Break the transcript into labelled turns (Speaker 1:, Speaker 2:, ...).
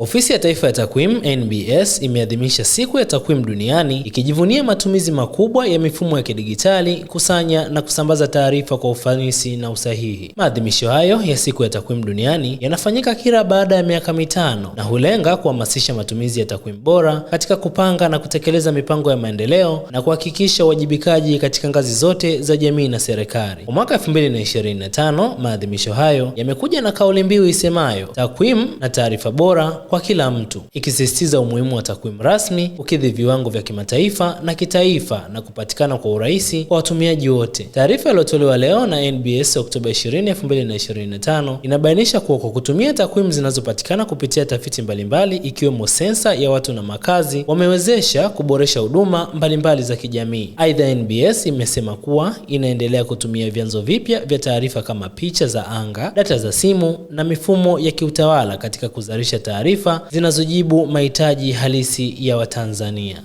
Speaker 1: Ofisi ya Taifa ya Takwimu NBS imeadhimisha siku ya takwimu duniani ikijivunia matumizi makubwa ya mifumo ya kidijitali kusanya na kusambaza taarifa kwa ufanisi na usahihi. Maadhimisho hayo ya siku ya takwimu duniani yanafanyika kila baada ya miaka mitano na hulenga kuhamasisha matumizi ya takwimu bora katika kupanga na kutekeleza mipango ya maendeleo na kuhakikisha uwajibikaji katika ngazi zote za jamii na serikali. Kwa mwaka 2025, maadhimisho hayo yamekuja na kauli mbiu isemayo takwimu na taarifa bora kwa kila mtu, ikisisitiza umuhimu wa takwimu rasmi kukidhi viwango vya kimataifa na kitaifa na kupatikana kwa urahisi kwa watumiaji wote. Taarifa iliyotolewa leo na NBS Oktoba 20, 2025 inabainisha kuwa kwa kutumia takwimu zinazopatikana kupitia tafiti mbalimbali ikiwemo sensa ya watu na makazi wamewezesha kuboresha huduma mbalimbali za kijamii. Aidha, NBS imesema kuwa inaendelea kutumia vyanzo vipya vya taarifa kama picha za anga, data za simu na mifumo ya kiutawala katika kuzalisha taarifa sifa zinazojibu mahitaji halisi ya Watanzania.